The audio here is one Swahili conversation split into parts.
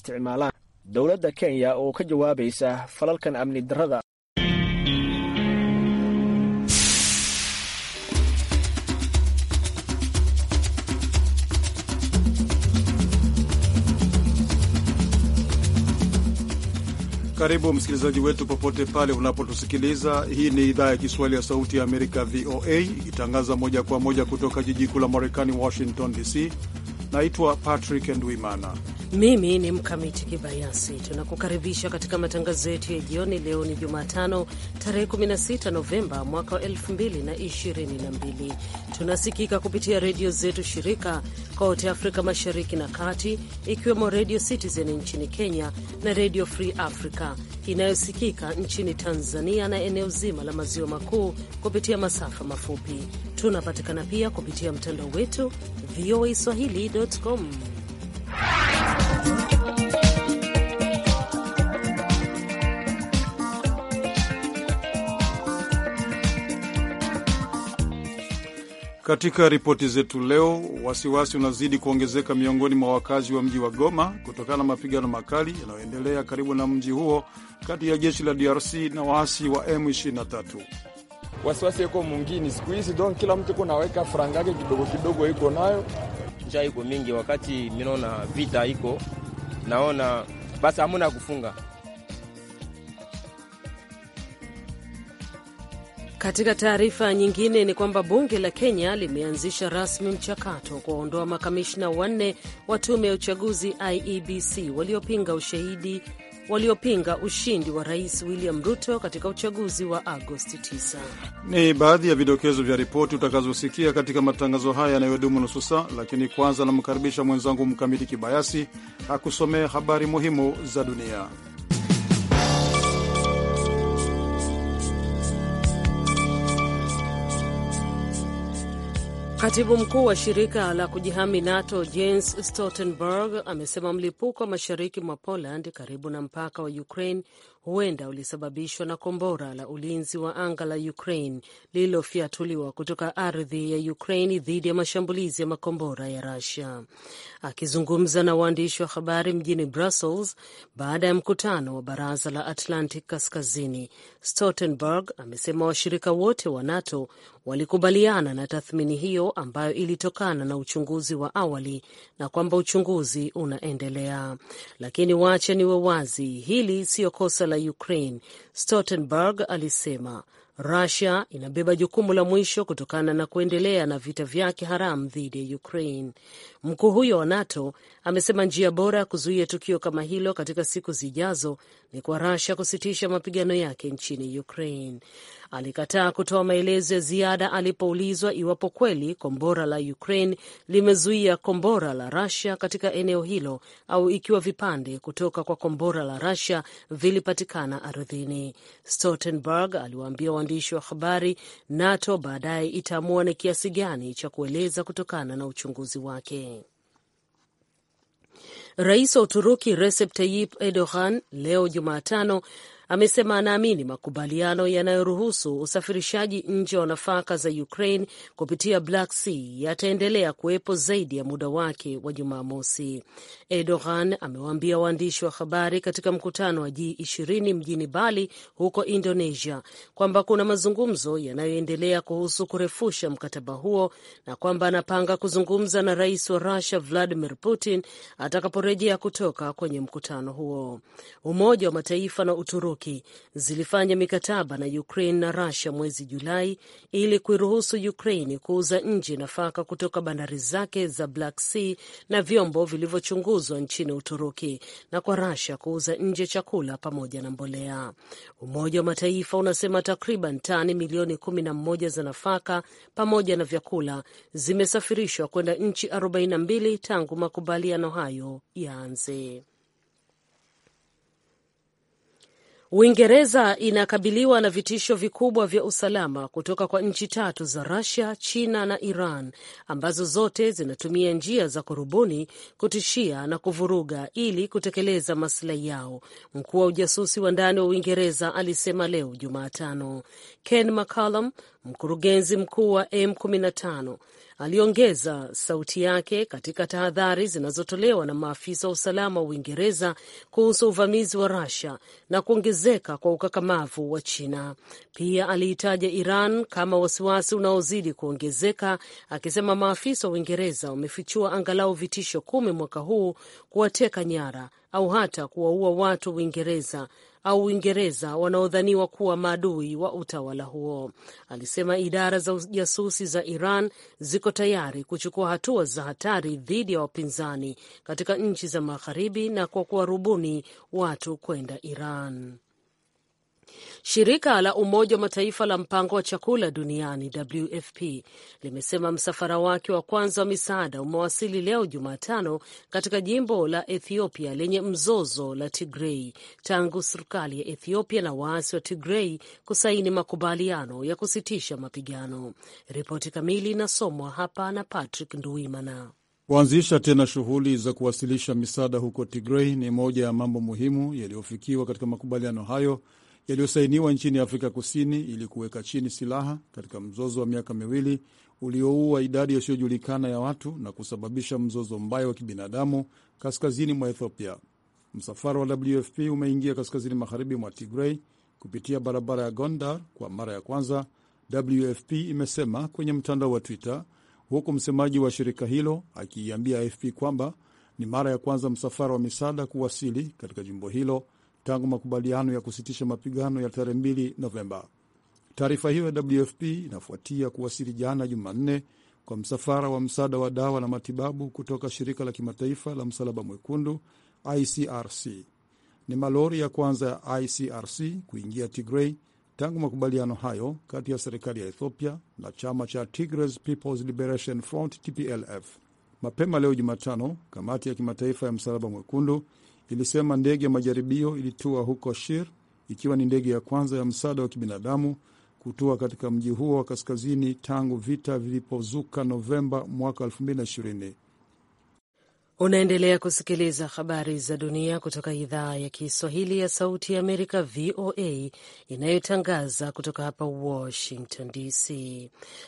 isticmaalaan dowladda Kenya oo ka jawaabaysa falalkan amni darada Karibu msikilizaji wetu popote pale unapotusikiliza. Hii ni idhaa ya Kiswahili ya Sauti ya Amerika, VOA, ikitangaza moja kwa moja kutoka jiji kuu la Marekani, Washington DC. Naitwa Patrick Ndwimana mimi ni Mkamiti Kibayasi. Tunakukaribisha katika matangazo yetu ya jioni. Leo ni Jumatano, tarehe 16 Novemba mwaka wa 2022. Tunasikika kupitia redio zetu shirika kote Afrika Mashariki na Kati, ikiwemo Redio Citizen nchini Kenya na Redio Free Africa inayosikika nchini Tanzania na eneo zima la maziwa makuu kupitia masafa mafupi. Tunapatikana pia kupitia mtandao wetu voa swahili.com. Katika ripoti zetu leo, wasiwasi unazidi kuongezeka miongoni mwa wakazi wa mji wa Goma kutokana na mapigano makali yanayoendelea karibu na mji huo kati ya jeshi la DRC na waasi wa M23. Wasiwasi iko mwingini siku hizi, kila mtu iko naweka frangake kidogo kidogo iko nayo njaa iko mingi, wakati minaona vita iko, naona basi hamuna kufunga Katika taarifa nyingine ni kwamba bunge la Kenya limeanzisha rasmi mchakato wa kuwaondoa makamishna wanne wa tume ya uchaguzi IEBC waliopinga ushahidi waliopinga ushindi wa Rais William Ruto katika uchaguzi wa Agosti 9. Ni baadhi ya vidokezo vya ripoti utakazosikia katika matangazo haya yanayodumu nusu saa, lakini kwanza namkaribisha mwenzangu Mkamiti Kibayasi akusomea habari muhimu za dunia. Katibu mkuu wa shirika la kujihami NATO Jens Stoltenberg amesema mlipuko wa mashariki mwa Poland karibu na mpaka wa Ukraine huenda ulisababishwa na kombora la ulinzi wa anga la Ukraine lililofyatuliwa kutoka ardhi ya Ukraine dhidi ya mashambulizi ya makombora ya Russia. Akizungumza na waandishi wa habari mjini Brussels baada ya mkutano wa baraza la Atlantic Kaskazini, Stoltenberg amesema washirika wote wa NATO walikubaliana na tathmini hiyo ambayo ilitokana na uchunguzi wa awali na kwamba uchunguzi unaendelea. Lakini wache niwe wazi, hili siyo kosa la Ukraine Stoltenberg alisema Rusia inabeba jukumu la mwisho kutokana na kuendelea na vita vyake haramu dhidi ya Ukraine. Mkuu huyo wa NATO amesema njia bora ya kuzuia tukio kama hilo katika siku zijazo ni kwa Rusia kusitisha mapigano yake nchini Ukraine. Alikataa kutoa maelezo ya ziada alipoulizwa iwapo kweli kombora la Ukraine limezuia kombora la Rusia katika eneo hilo au ikiwa vipande kutoka kwa kombora la Rusia vilipatikana ardhini. Stoltenberg aliwaambia waandishi wa habari, NATO baadaye itaamua ni kiasi gani cha kueleza kutokana na uchunguzi wake. Rais wa Uturuki Recep Tayyip Erdogan leo Jumatano amesema anaamini makubaliano yanayoruhusu usafirishaji nje wa nafaka za Ukraine kupitia Black Sea yataendelea kuwepo zaidi ya muda wake wa Jumamosi. Erdogan amewaambia waandishi wa habari katika mkutano wa G20 mjini Bali huko Indonesia kwamba kuna mazungumzo yanayoendelea kuhusu kurefusha mkataba huo na kwamba anapanga kuzungumza na rais wa Russia Vladimir Putin atakaporejea kutoka kwenye mkutano huo. Umoja wa Mataifa na Uturuki Uturuki zilifanya mikataba na Ukraine na Russia mwezi Julai ili kuiruhusu Ukraine kuuza nje nafaka kutoka bandari zake za Black Sea na vyombo vilivyochunguzwa nchini Uturuki na kwa Russia kuuza nje chakula pamoja na mbolea. Umoja wa Mataifa unasema takriban tani milioni kumi na moja za nafaka pamoja na vyakula zimesafirishwa kwenda nchi 42 tangu makubaliano hayo yaanze. Uingereza inakabiliwa na vitisho vikubwa vya usalama kutoka kwa nchi tatu za rasia China na Iran ambazo zote zinatumia njia za kurubuni kutishia na kuvuruga ili kutekeleza maslahi yao, mkuu wa ujasusi wa ndani wa Uingereza alisema leo Jumatano. Ken McCallum, mkurugenzi mkuu wa M15 aliongeza sauti yake katika tahadhari zinazotolewa na maafisa wa usalama wa Uingereza kuhusu uvamizi wa Russia na kuongezeka kwa ukakamavu wa China. Pia aliitaja Iran kama wasiwasi unaozidi kuongezeka, akisema maafisa wa Uingereza wamefichua angalau vitisho kumi mwaka huu kuwateka nyara au hata kuwaua watu Uingereza au Uingereza wanaodhaniwa kuwa maadui wa utawala huo. Alisema idara za ujasusi za Iran ziko tayari kuchukua hatua za hatari dhidi ya wapinzani katika nchi za Magharibi na kwa kuwarubuni watu kwenda Iran. Shirika la Umoja wa Mataifa la mpango wa chakula duniani WFP limesema msafara wake wa kwanza wa misaada umewasili leo Jumatano katika jimbo la Ethiopia lenye mzozo la Tigrei tangu serikali ya Ethiopia na waasi wa Tigrei kusaini makubaliano ya kusitisha mapigano. Ripoti kamili inasomwa hapa na Patrick nduimana Kuanzisha tena shughuli za kuwasilisha misaada huko Tigrei ni moja ya mambo muhimu yaliyofikiwa katika makubaliano hayo yaliyosainiwa nchini Afrika Kusini ili kuweka chini silaha katika mzozo wa miaka miwili ulioua idadi yasiyojulikana ya watu na kusababisha mzozo mbaya wa kibinadamu kaskazini mwa Ethiopia. Msafara wa WFP umeingia kaskazini magharibi mwa tigrei kupitia barabara ya Gondar kwa mara ya kwanza, WFP imesema kwenye mtandao wa Twitter, huku msemaji wa shirika hilo akiiambia AFP kwamba ni mara ya kwanza msafara wa misaada kuwasili katika jimbo hilo tangu makubaliano ya kusitisha mapigano ya tarehe 2 Novemba. Taarifa hiyo ya WFP inafuatia kuwasili jana Jumanne kwa msafara wa msaada wa dawa na matibabu kutoka shirika la kimataifa la msalaba mwekundu ICRC. Ni malori ya kwanza ya ICRC kuingia Tigray tangu makubaliano hayo kati ya serikali ya Ethiopia na chama cha Tigray People's Liberation Front TPLF. Mapema leo Jumatano, kamati ya kimataifa ya msalaba mwekundu ilisema ndege ya majaribio ilitua huko Shir ikiwa ni ndege ya kwanza ya msaada wa kibinadamu kutua katika mji huo wa kaskazini tangu vita vilipozuka Novemba mwaka 2020. Unaendelea kusikiliza habari za dunia kutoka idhaa ya Kiswahili ya Sauti ya Amerika, VOA, inayotangaza kutoka hapa Washington DC.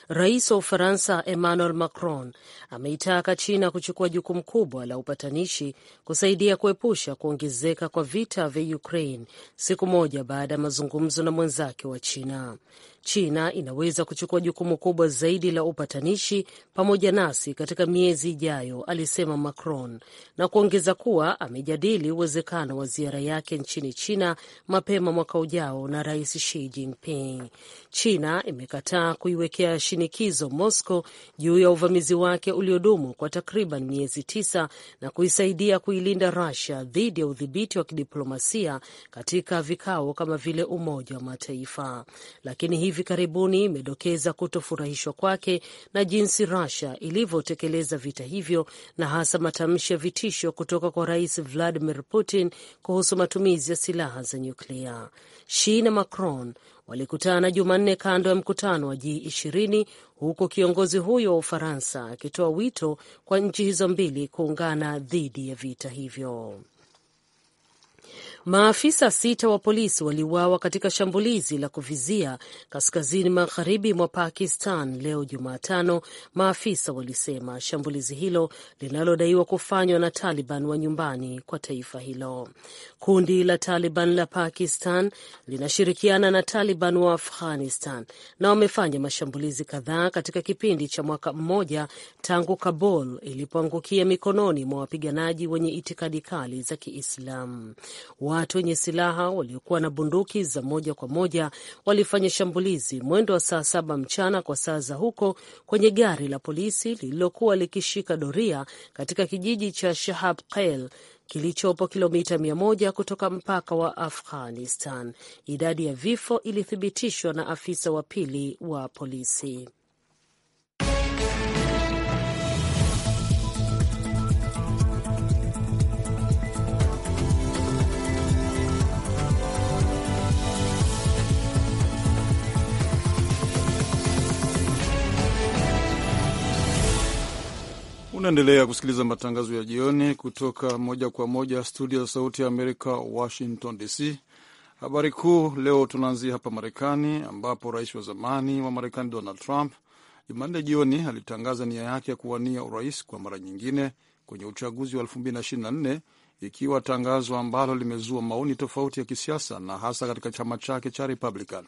Rais wa Ufaransa Emmanuel Macron ameitaka China kuchukua jukumu kubwa la upatanishi kusaidia kuepusha kuongezeka kwa vita vya Ukraine, siku moja baada ya mazungumzo na mwenzake wa China. China inaweza kuchukua jukumu kubwa zaidi la upatanishi pamoja nasi katika miezi ijayo, alisema Macron. Macron na kuongeza kuwa amejadili uwezekano wa ziara yake nchini China mapema mwaka ujao na Rais Xi Jinping. China imekataa kuiwekea shinikizo Moscow juu ya uvamizi wake uliodumu kwa takriban miezi tisa na kuisaidia kuilinda Russia dhidi ya udhibiti wa kidiplomasia katika vikao kama vile Umoja wa Mataifa, lakini hivi karibuni imedokeza kutofurahishwa kwake na jinsi Russia ilivyotekeleza vita hivyo na hasa matamshi aliamsha vitisho kutoka kwa Rais Vladimir Putin kuhusu matumizi ya silaha za nyuklia. Xi na Macron walikutana Jumanne kando ya mkutano wa G20 huku kiongozi huyo wa Ufaransa akitoa wito kwa nchi hizo mbili kuungana dhidi ya vita hivyo. Maafisa sita wa polisi waliuawa katika shambulizi la kuvizia kaskazini magharibi mwa Pakistan leo Jumatano, maafisa walisema. Shambulizi hilo linalodaiwa kufanywa na Taliban wa nyumbani kwa taifa hilo. Kundi la Taliban la Pakistan linashirikiana na Taliban wa Afghanistan na wamefanya mashambulizi kadhaa katika kipindi cha mwaka mmoja tangu Kabul ilipoangukia mikononi mwa wapiganaji wenye itikadi kali za Kiislamu. Watu wenye silaha waliokuwa na bunduki za moja kwa moja walifanya shambulizi mwendo wa saa saba mchana kwa saa za huko kwenye gari la polisi lililokuwa likishika doria katika kijiji cha Shahab Kail kilichopo kilomita mia moja kutoka mpaka wa Afghanistan. Idadi ya vifo ilithibitishwa na afisa wa pili wa polisi. Unaendelea kusikiliza matangazo ya jioni kutoka moja kwa moja studio ya Sauti ya Amerika, Washington DC. Habari kuu leo tunaanzia hapa Marekani, ambapo rais wa zamani wa Marekani Donald Trump Jumanne jioni alitangaza nia yake ya kuwania urais kwa mara nyingine kwenye uchaguzi wa 2024 ikiwa tangazo ambalo limezua maoni tofauti ya kisiasa na hasa katika chama chake cha Republican.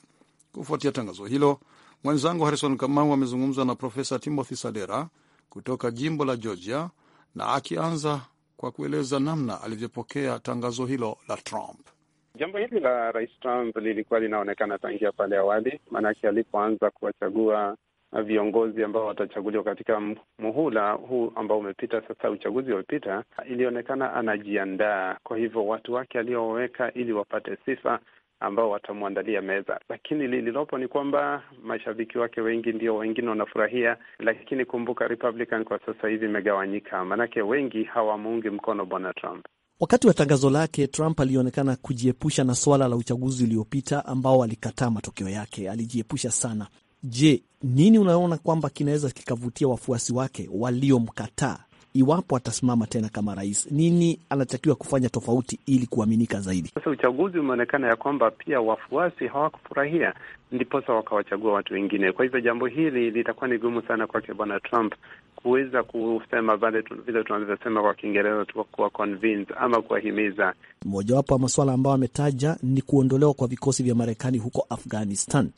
Kufuatia tangazo hilo, mwenzangu Harrison Kamau amezungumza na Profesa Timothy Sadera kutoka jimbo la Georgia, na akianza kwa kueleza namna alivyopokea tangazo hilo la Trump. Jambo hili la Rais Trump lilikuwa linaonekana tangia pale awali, maanake alipoanza kuwachagua viongozi ambao watachaguliwa katika muhula huu ambao umepita sasa, uchaguzi umepita, ilionekana anajiandaa. Kwa hivyo watu wake alioweka ili wapate sifa ambao watamwandalia meza, lakini lililopo ni kwamba mashabiki wake wengi ndio wengine wanafurahia, lakini kumbuka Republican kwa sasa hivi imegawanyika, maanake wengi hawamuungi mkono bwana Trump. Wakati wa tangazo lake, Trump alionekana kujiepusha na swala la uchaguzi uliopita ambao alikataa matokeo yake, alijiepusha sana. Je, nini unaona kwamba kinaweza kikavutia wafuasi wake waliomkataa iwapo atasimama tena kama rais, nini anatakiwa kufanya tofauti ili kuaminika zaidi? Sasa uchaguzi umeonekana ya kwamba pia wafuasi hawakufurahia, ndiposa wakawachagua watu wengine. Kwa hivyo jambo hili litakuwa ni gumu sana kwake Bwana Trump kuweza kusema vile tunavyosema kwa Kiingereza kuwa convince ama kuwahimiza. Mojawapo ya masuala ambayo ametaja ni kuondolewa kwa vikosi vya Marekani huko Afghanistan.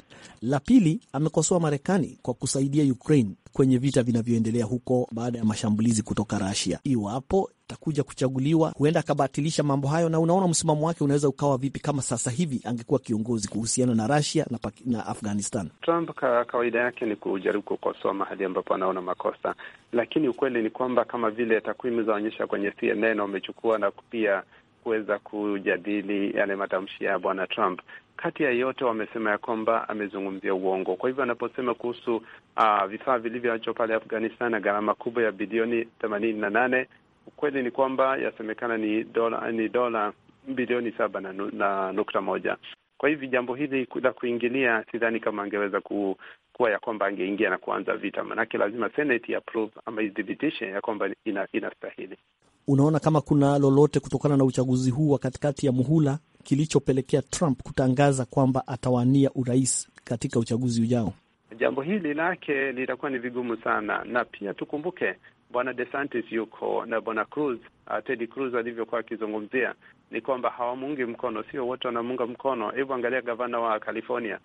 La pili, amekosoa Marekani kwa kusaidia Ukraine kwenye vita vinavyoendelea huko baada ya mashambulizi kutoka Russia. Iwapo atakuja kuchaguliwa, huenda akabatilisha mambo hayo, na unaona msimamo wake unaweza ukawa vipi kama sasa hivi angekuwa kiongozi kuhusiana na Russia na, na Afghanistan. Trump ka kawaida yake ni kujaribu kukosoa mahali ambapo anaona makosa, lakini ukweli ni kwamba kama vile takwimu zaonyesha kwenye CNN wamechukua na pia kuweza kujadili yale matamshi ya bwana Trump kati ya yote wamesema ya kwamba amezungumzia uongo. Kwa hivyo anaposema kuhusu uh, vifaa vilivyoachwa pale Afghanistan na gharama kubwa ya bilioni themanini na nane, ukweli ni kwamba yasemekana ni dola ni dola bilioni saba na, na nukta moja. Kwa hivyo jambo hili la kuingilia, sidhani kama angeweza ku, kuwa ya kwamba angeingia na kuanza vita, manake lazima Senate approve ama ithibitishe ya kwamba inastahili unaona kama kuna lolote kutokana na uchaguzi huu wa katikati ya muhula kilichopelekea Trump kutangaza kwamba atawania urais katika uchaguzi ujao? Jambo hili lake litakuwa ni vigumu sana, na pia tukumbuke Bwana DeSantis yuko na Bwana Cruz, uh, Ted Cruz alivyokuwa akizungumzia ni kwamba hawamuungi mkono, sio wote wanamuunga mkono. Hebu angalia gavana wa California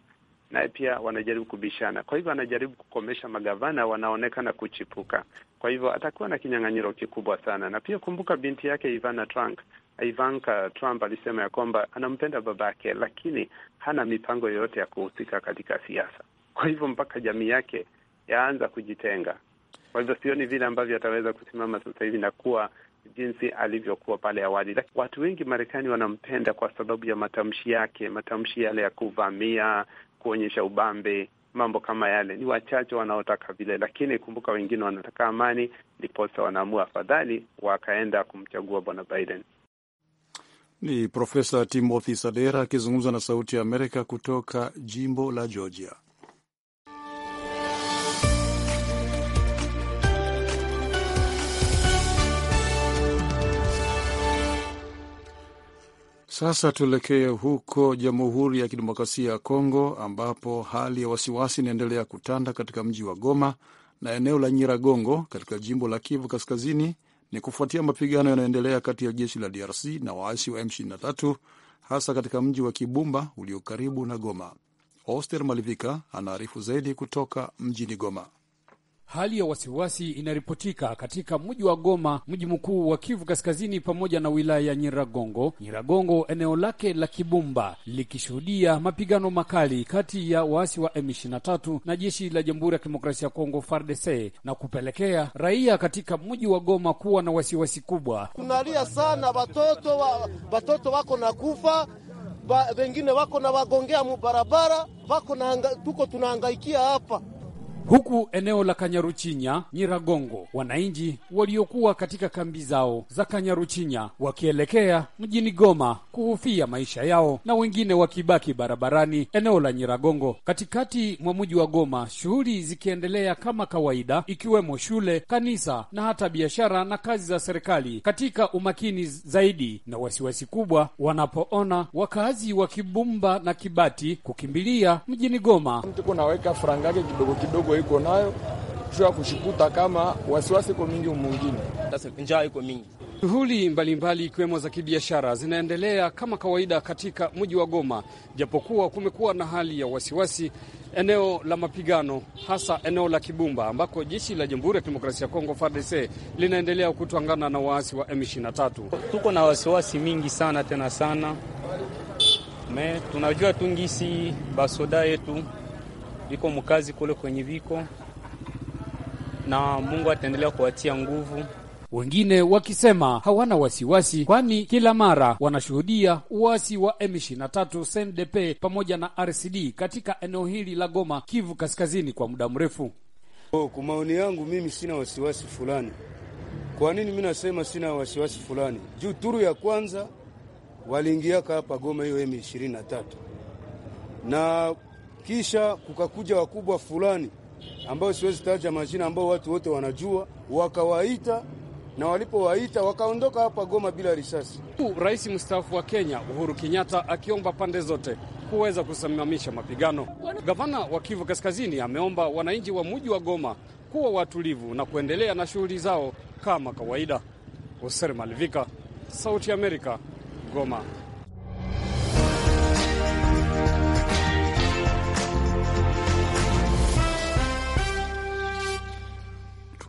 naye pia wanajaribu kubishana. Kwa hivyo anajaribu kukomesha magavana wanaonekana kuchipuka, kwa hivyo atakuwa na kinyang'anyiro kikubwa sana. Na pia kumbuka, binti yake Ivana Trump, Ivanka Trump alisema ya kwamba anampenda babake, lakini hana mipango yoyote ya kuhusika katika siasa. Kwa hivyo mpaka jamii yake yaanza kujitenga. Kwa hivyo sioni vile ambavyo ataweza kusimama sasa hivi na kuwa jinsi alivyokuwa pale awali. Watu wengi Marekani wanampenda kwa sababu ya matamshi yake, matamshi yale ya kuvamia kuonyesha ubambe, mambo kama yale. Ni wachache wanaotaka vile, lakini kumbuka, wengine wanataka amani, ndiposa wanaamua afadhali wakaenda kumchagua bwana Biden. Ni Profesa Timothy Sadera akizungumza na Sauti ya Amerika kutoka jimbo la Georgia. Sasa tuelekee huko Jamhuri ya Kidemokrasia ya Kongo, ambapo hali ya wasiwasi inaendelea kutanda katika mji wa Goma na eneo la Nyiragongo katika jimbo la Kivu Kaskazini. Ni kufuatia mapigano yanayoendelea kati ya jeshi la DRC na waasi wa M23 hasa katika mji wa Kibumba ulio karibu na Goma. Oster Malivika anaarifu zaidi kutoka mjini Goma. Hali ya wasiwasi inaripotika katika mji wa Goma, mji mkuu wa Kivu Kaskazini, pamoja na wilaya ya Nyiragongo. Nyiragongo eneo lake la Kibumba likishuhudia mapigano makali kati ya waasi wa M23 na jeshi la Jamhuri ya Kidemokrasia ya Kongo, FARDC, na kupelekea raia katika mji wa Goma kuwa na wasiwasi kubwa. Kunalia sana, watoto wa, watoto wako na kufa wengine wako na wagongea mubarabara, wako na, tuko tunahangaikia hapa Huku eneo la Kanyaruchinya, Nyiragongo, wananchi waliokuwa katika kambi zao za Kanyaruchinya wakielekea mjini Goma kuhufia maisha yao na wengine wakibaki barabarani eneo la Nyiragongo, katikati mwa mji wa Goma, shughuli zikiendelea kama kawaida, ikiwemo shule, kanisa na hata biashara na kazi za serikali, katika umakini zaidi na wasiwasi kubwa wanapoona wakazi wa Kibumba na Kibati kukimbilia mjini Goma. Mtu kunaweka frangake kidogo kidogo kubwa iko nayo juu ya kushikuta kama wasiwasi iko mingi mwingine, njaa iko mingi. Shughuli mbalimbali ikiwemo za kibiashara zinaendelea kama kawaida katika mji wa Goma, japokuwa kumekuwa na hali ya wasiwasi eneo la mapigano, hasa eneo la Kibumba ambako jeshi la Jamhuri ya Kidemokrasia ya Kongo FARDC linaendelea kutwangana na waasi wa M23. Tuko na wasiwasi mingi sana tena sana me tunajua tungisi basoda yetu viko mkazi kule kwenye viko, na Mungu ataendelea kuwatia nguvu. Wengine wakisema hawana wasiwasi, kwani kila mara wanashuhudia uasi wa M23, SNDP pamoja na RCD katika eneo hili la Goma, Kivu Kaskazini, kwa muda mrefu. Oh, kwa maoni yangu mimi sina wasiwasi fulani. Kwa nini mimi nasema sina wasiwasi fulani? Juu turu ya kwanza waliingiaka hapa Goma hiyo M23 na kisha kukakuja wakubwa fulani ambao siwezi taja majina, ambao watu wote wanajua, wakawaita na walipowaita wakaondoka hapa Goma bila risasi. Rais mstaafu wa Kenya Uhuru Kenyatta akiomba pande zote kuweza kusimamisha mapigano. Gavana wa Kivu Kaskazini ameomba wananchi wa muji wa Goma kuwa watulivu na kuendelea na shughuli zao kama kawaida. Hoser Malivika, Sauti ya Amerika, Goma.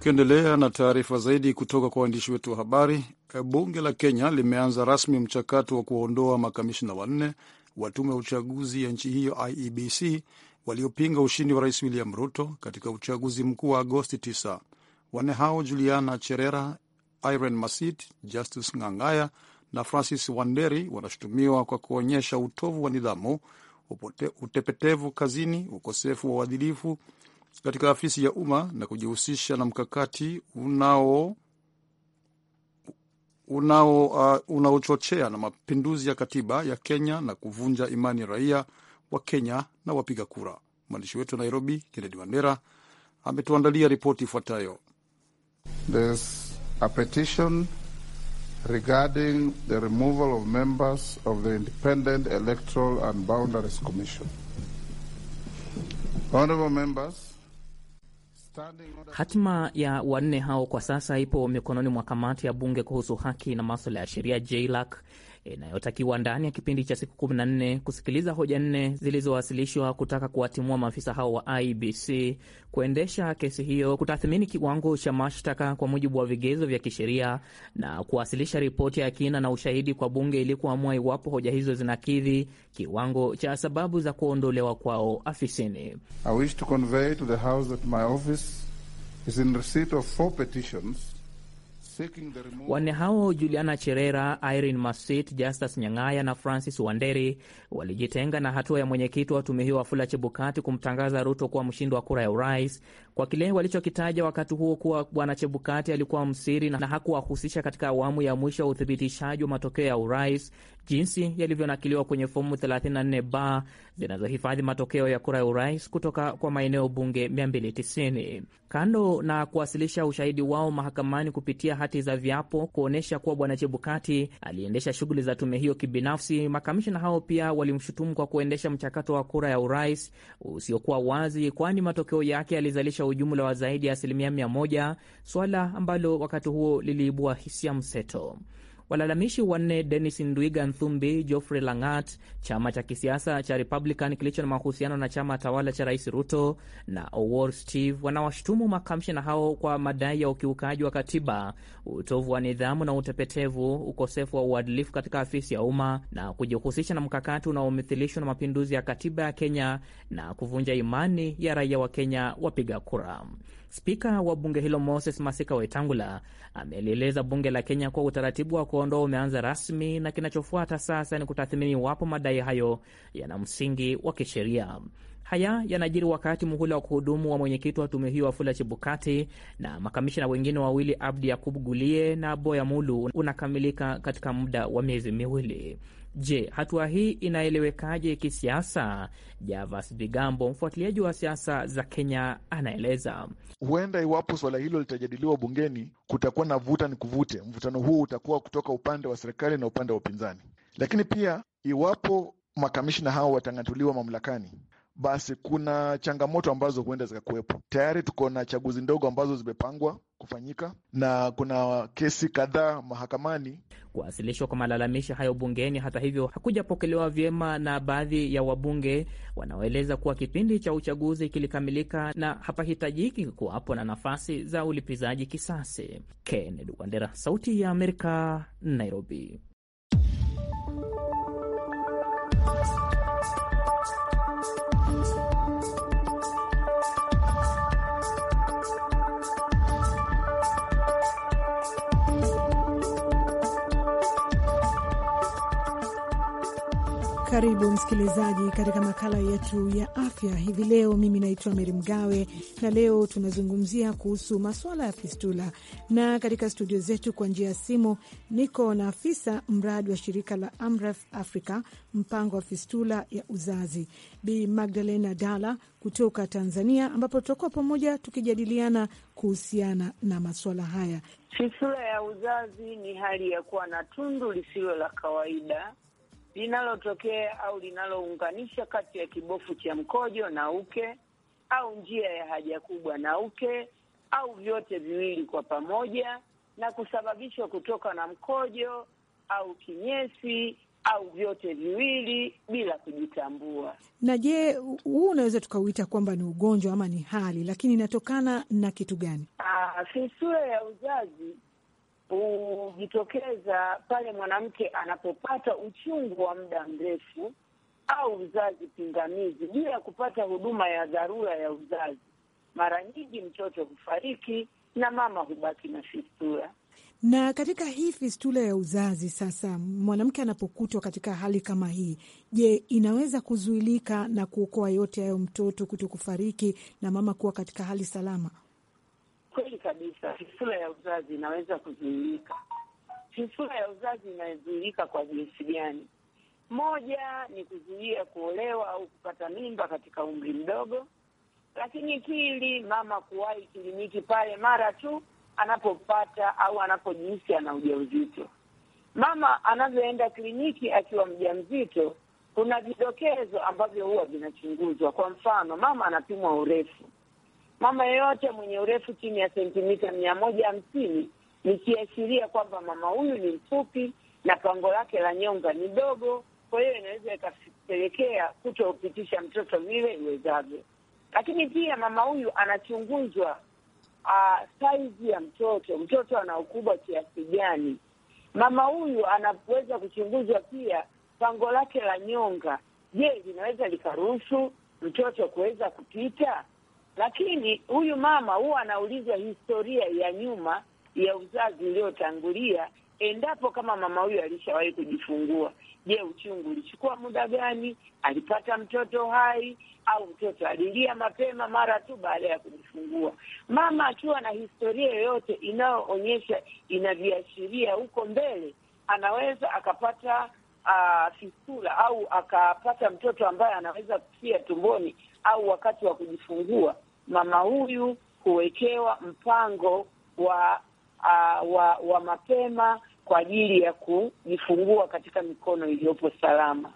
Tukiendelea na taarifa zaidi kutoka kwa waandishi wetu wa habari, bunge la Kenya limeanza rasmi mchakato wa kuwaondoa makamishna wanne wa tume ya uchaguzi ya nchi hiyo IEBC waliopinga ushindi wa rais William Ruto katika uchaguzi mkuu wa Agosti 9. Wanne hao Juliana Cherera, Irene Masit, Justus Ng'ang'aya na Francis Wanderi wanashutumiwa kwa kuonyesha utovu wa nidhamu, utepetevu kazini, ukosefu wa uadilifu katika afisi ya umma na kujihusisha na mkakati unao uh, unaochochea uh, na mapinduzi ya katiba ya Kenya na kuvunja imani raia wa Kenya na wapiga kura. Mwandishi wetu wa Nairobi, Kennedy Wandera, ametuandalia ripoti ifuatayo. Hatima ya wanne hao kwa sasa ipo mikononi mwa kamati ya bunge kuhusu haki na maswala ya sheria JLAC inayotakiwa ndani ya kipindi cha siku 14 kusikiliza hoja nne zilizowasilishwa kutaka kuwatimua maafisa hao wa IBC, kuendesha kesi hiyo, kutathmini kiwango cha mashtaka kwa mujibu wa vigezo vya kisheria na kuwasilisha ripoti ya kina na ushahidi kwa bunge ili kuamua iwapo hoja hizo zinakidhi kiwango cha sababu za kuondolewa kwao afisini. I wish to convey to the House that my office is in receipt of four petitions Wanne hao Juliana Cherera, Irene Masit, Justus Nyang'aya na Francis Wanderi walijitenga na hatua ya mwenyekiti wa tume hiyo Wafula Chebukati kumtangaza Ruto kuwa mshindi wa kura ya urais kwa kile walichokitaja wakati huo kuwa Bwana Chebukati alikuwa msiri na hakuwahusisha katika awamu ya mwisho ya uthibitishaji wa matokeo ya urais jinsi yalivyonakiliwa kwenye fomu 34 ba zinazohifadhi matokeo ya kura ya urais kutoka kwa maeneo bunge 290. Kando na kuwasilisha ushahidi wao mahakamani kupitia hati za viapo kuonyesha kuwa Bwana Chebukati aliendesha shughuli za tume hiyo kibinafsi, makamishina hao pia walimshutumu kwa kuendesha mchakato wa kura ya urais usiokuwa wazi, kwani matokeo yake yalizalisha ujumla wa zaidi ya asilimia mia moja, swala ambalo wakati huo liliibua hisia mseto. Walalamishi wanne Denis Ndwiga Nthumbi, Geoffrey Langat, chama cha kisiasa cha Republican kilicho na mahusiano na chama tawala cha Rais Ruto, na Owor Steve wanawashutumu makamishina hao kwa madai ya ukiukaji wa katiba, utovu wa nidhamu na utepetevu, ukosefu wa uadilifu katika afisi ya umma na kujihusisha na mkakati unaomithilishwa na mapinduzi ya katiba ya Kenya na kuvunja imani ya raia wa Kenya wapiga kura. Spika wa bunge hilo Moses Masika Wetangula amelieleza bunge la Kenya kuwa utaratibu wa kuondoa umeanza rasmi na kinachofuata sasa ni kutathmini iwapo madai hayo yana msingi wa kisheria. Haya yanajiri wakati muhula wa kuhudumu wa mwenyekiti wa tume hiyo Wafula Chebukati na makamishina wengine wawili Abdi Yakub Gulie na Boya Mulu unakamilika katika muda wa miezi miwili. Je, hatua hii inaelewekaje kisiasa? Javas Bigambo, mfuatiliaji wa siasa za Kenya, anaeleza. Huenda iwapo suala hilo litajadiliwa bungeni, kutakuwa na vuta ni kuvute. Mvutano huu utakuwa kutoka upande wa serikali na upande wa upinzani, lakini pia iwapo makamishina hao watang'atuliwa mamlakani, basi kuna changamoto ambazo huenda zikakuwepo. Tayari tuko na chaguzi ndogo ambazo zimepangwa kufanyika na kuna kesi kadhaa mahakamani. Kuwasilishwa kwa malalamishi hayo bungeni, hata hivyo, hakujapokelewa vyema na baadhi ya wabunge wanaoeleza kuwa kipindi cha uchaguzi kilikamilika na hapahitajiki kuwapo na nafasi za ulipizaji kisasi. Kennedy Wandera, Sauti ya Amerika, Nairobi. Karibu msikilizaji katika makala yetu ya afya hivi leo. Mimi naitwa Meri Mgawe na leo tunazungumzia kuhusu masuala ya fistula, na katika studio zetu kwa njia ya simu niko na afisa mradi wa shirika la Amref Africa, mpango wa fistula ya uzazi, Bi Magdalena Dala kutoka Tanzania, ambapo tutakuwa pamoja tukijadiliana kuhusiana na masuala haya. Fistula ya uzazi ni hali ya kuwa na tundu lisilo la kawaida linalotokea au linalounganisha kati ya kibofu cha mkojo na uke au njia ya haja kubwa na uke au vyote viwili kwa pamoja na kusababishwa kutoka na mkojo au kinyesi au vyote viwili bila kujitambua. Na je, huu unaweza tukauita kwamba ni ugonjwa ama ni hali, lakini inatokana na kitu gani? Aa, ah, ya uzazi hujitokeza pale mwanamke anapopata uchungu wa muda mrefu au uzazi pingamizi bila kupata huduma ya dharura ya uzazi. Mara nyingi mtoto hufariki na mama hubaki na fistula. Na katika hii fistula ya uzazi, sasa mwanamke anapokutwa katika hali kama hii, je, inaweza kuzuilika na kuokoa yote hayo, mtoto kuto kufariki na mama kuwa katika hali salama? Kweli kabisa, fistula ya uzazi inaweza kuzuilika. Fistula ya uzazi inazuilika kwa jinsi gani? Moja ni kuzuia kuolewa au kupata mimba katika umri mdogo, lakini pili, mama kuwahi kliniki pale mara tu anapopata au anapojihisi ana ujauzito. Mama anavyoenda kliniki akiwa mjamzito, kuna vidokezo ambavyo huwa vinachunguzwa. Kwa mfano, mama anapimwa urefu Mama yeyote mwenye urefu chini ya sentimita mia moja hamsini nikiashiria kwamba mama huyu ni mfupi na pango lake la nyonga ni dogo, kwa hiyo inaweza ikapelekea kutopitisha mtoto vile iwezavyo. Lakini pia mama huyu anachunguzwa uh, ah, saizi ya mtoto, mtoto ana ukubwa kiasi gani. Mama huyu anaweza kuchunguzwa pia pango lake la nyonga. Je, linaweza likaruhusu mtoto kuweza kupita? Lakini huyu mama huwa anaulizwa historia ya nyuma ya uzazi uliotangulia, endapo kama mama huyu alishawahi kujifungua. Je, uchungu ulichukua muda gani? Alipata mtoto hai au mtoto alilia mapema mara tu baada ya kujifungua? Mama akiwa na historia yoyote inayoonyesha inaviashiria huko mbele, anaweza akapata uh, fistula au akapata mtoto ambaye anaweza kufia tumboni au wakati wa kujifungua, mama huyu huwekewa mpango wa uh, wa, wa mapema kwa ajili ya kujifungua katika mikono iliyopo salama.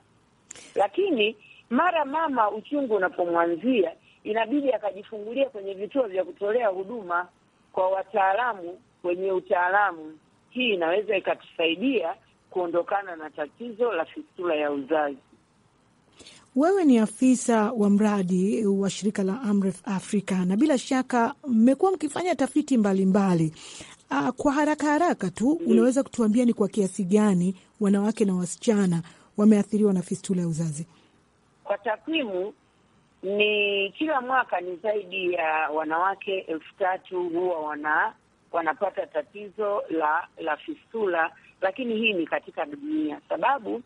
Lakini mara mama uchungu unapomwanzia, inabidi akajifungulia kwenye vituo vya kutolea huduma kwa wataalamu wenye utaalamu. Hii inaweza ikatusaidia kuondokana na tatizo la fistula ya uzazi. Wewe ni afisa wa mradi wa shirika la Amref Africa na bila shaka mmekuwa mkifanya tafiti mbalimbali mbali. Ah, kwa haraka haraka tu mm-hmm. unaweza kutuambia ni kwa kiasi gani wanawake na wasichana wameathiriwa na fistula ya uzazi? Kwa takwimu ni kila mwaka ni zaidi ya wanawake elfu tatu huwa wana wanapata tatizo la la fistula, lakini hii ni katika dunia, sababu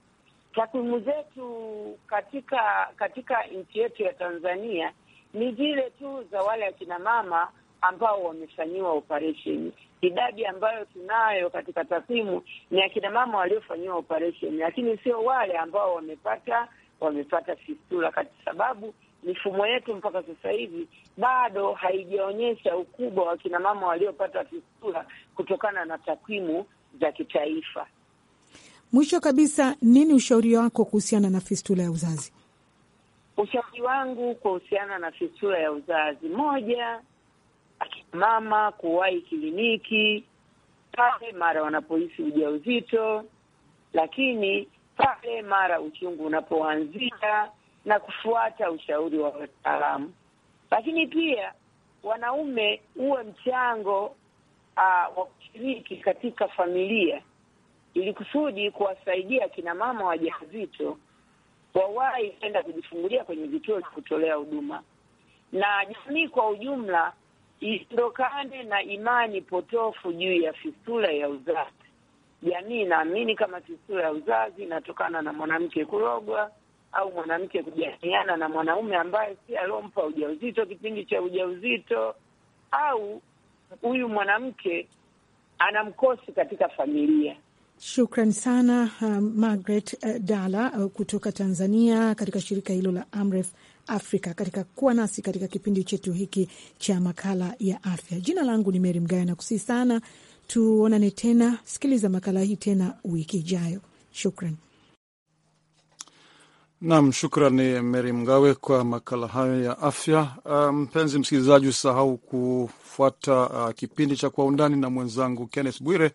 Takwimu zetu katika katika nchi yetu ya Tanzania ni zile tu za wale akina mama ambao wamefanyiwa operesheni. Idadi ambayo tunayo katika takwimu ni akina mama waliofanyiwa operesheni, lakini sio wale ambao wamepata wamepata fistula, kwa sababu mifumo yetu mpaka sasa hivi bado haijaonyesha ukubwa wa akina mama waliopata fistula kutokana na takwimu za kitaifa. Mwisho kabisa, nini ushauri wako kuhusiana na fistula ya uzazi? Ushauri wangu kuhusiana na fistula ya uzazi, moja, akina mama kuwahi kliniki pale mara wanapohisi ujauzito, lakini pale mara uchungu unapoanzia na kufuata ushauri wa wataalamu. Lakini pia wanaume, uwe mchango uh, wa kushiriki katika familia ili kusudi kuwasaidia kina mama wajawazito wawahi kwenda kujifungulia kwenye vituo vya kutolea huduma, na jamii kwa ujumla iondokane na imani potofu juu ya fistula ya uzazi. Jamii inaamini kama fistula ya uzazi inatokana na mwanamke kurogwa au mwanamke kujamiana na mwanaume ambaye si aliompa ujauzito kipindi cha ujauzito, au huyu mwanamke ana mkosi katika familia. Shukran sana uh, Margaret uh, Dala uh, kutoka Tanzania katika shirika hilo la Amref Afrika katika kuwa nasi katika kipindi chetu hiki cha makala ya afya. Jina langu ni Meri Mgaya na kusihi sana tuonane tena, sikiliza makala hii tena wiki ijayo. Shukran. Nam, shukrani Meri Mgawe kwa makala hayo ya afya. Uh, mpenzi um, msikilizaji, usahau kufuata uh, kipindi cha Kwa Undani na mwenzangu Kenneth Bwire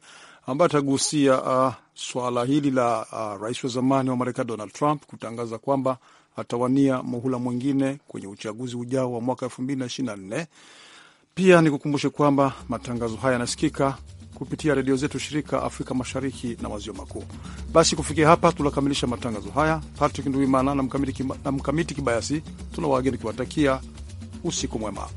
ambaye atagusia uh, swala hili la uh, rais wa zamani wa Marekani Donald Trump kutangaza kwamba atawania muhula mwingine kwenye uchaguzi ujao wa mwaka nne. Pia nikukumbushe kwamba matangazo haya yanasikika kupitia redio zetu shirika Afrika Mashariki na Maziwa Makuu. Basi kufikia hapa tunakamilisha matangazo haya. Patrick Nduimana na Mkamiti Kibayasi tuna wageni kiwatakia usiku mwema.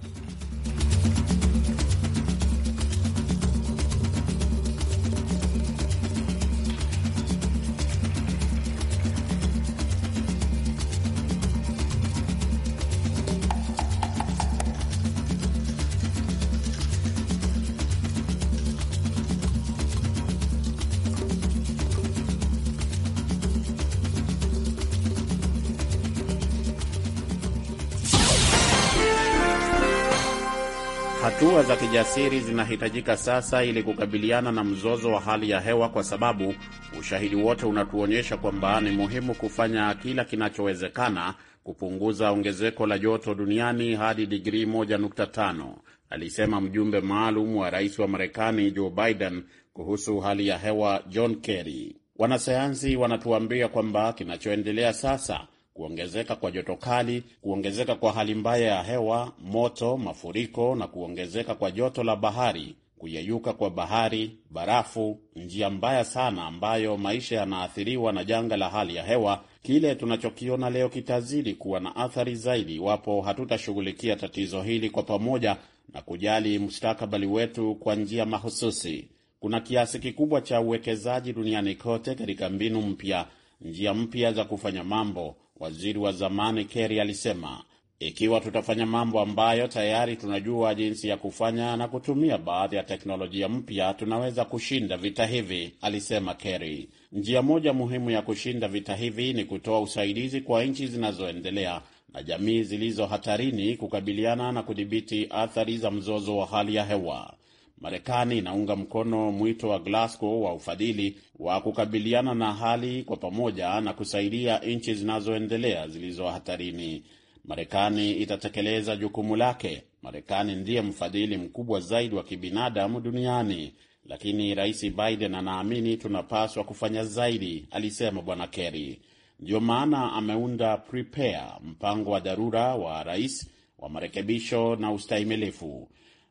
kijasiri jasiri zinahitajika sasa ili kukabiliana na mzozo wa hali ya hewa, kwa sababu ushahidi wote unatuonyesha kwamba ni muhimu kufanya kila kinachowezekana kupunguza ongezeko la joto duniani hadi digrii 1.5, alisema mjumbe maalum wa rais wa Marekani Joe Biden kuhusu hali ya hewa John Kerry. Wanasayansi wanatuambia kwamba kinachoendelea sasa kuongezeka kwa joto kali, kuongezeka kwa hali mbaya ya hewa, moto, mafuriko na kuongezeka kwa joto la bahari, kuyeyuka kwa bahari, barafu, njia mbaya sana ambayo maisha yanaathiriwa na janga la hali ya hewa. Kile tunachokiona leo kitazidi kuwa na athari zaidi iwapo hatutashughulikia tatizo hili kwa pamoja na kujali mustakabali wetu kwa njia mahususi. Kuna kiasi kikubwa cha uwekezaji duniani kote katika mbinu mpya, njia mpya za kufanya mambo waziri wa zamani Kerry alisema, ikiwa tutafanya mambo ambayo tayari tunajua jinsi ya kufanya na kutumia baadhi ya teknolojia mpya, tunaweza kushinda vita hivi, alisema Kerry. Njia moja muhimu ya kushinda vita hivi ni kutoa usaidizi kwa nchi zinazoendelea na jamii zilizo hatarini kukabiliana na kudhibiti athari za mzozo wa hali ya hewa. Marekani inaunga mkono mwito wa Glasgow wa ufadhili wa kukabiliana na hali kwa pamoja na kusaidia nchi zinazoendelea zilizo hatarini. Marekani itatekeleza jukumu lake. Marekani ndiye mfadhili mkubwa zaidi wa kibinadamu duniani, lakini Rais Biden anaamini tunapaswa kufanya zaidi, alisema Bwana Kerry. Ndiyo maana ameunda Prepare, mpango wa dharura wa rais wa marekebisho na ustahimilifu.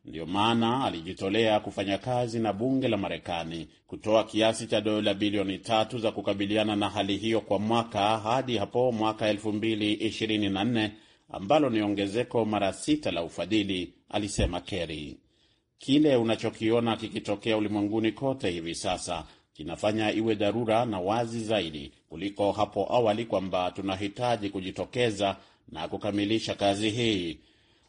Ndiyo maana alijitolea kufanya kazi na bunge la Marekani kutoa kiasi cha dola bilioni tatu za kukabiliana na hali hiyo kwa mwaka hadi hapo mwaka 2024 ambalo ni ongezeko mara sita la ufadhili, alisema Kerry. Kile unachokiona kikitokea ulimwenguni kote hivi sasa kinafanya iwe dharura na wazi zaidi kuliko hapo awali kwamba tunahitaji kujitokeza na kukamilisha kazi hii.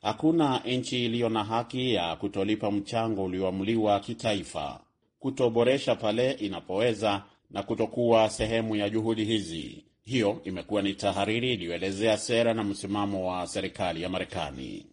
Hakuna nchi iliyo na haki ya kutolipa mchango ulioamuliwa kitaifa, kutoboresha pale inapoweza na kutokuwa sehemu ya juhudi hizi. Hiyo imekuwa ni tahariri iliyoelezea sera na msimamo wa serikali ya Marekani.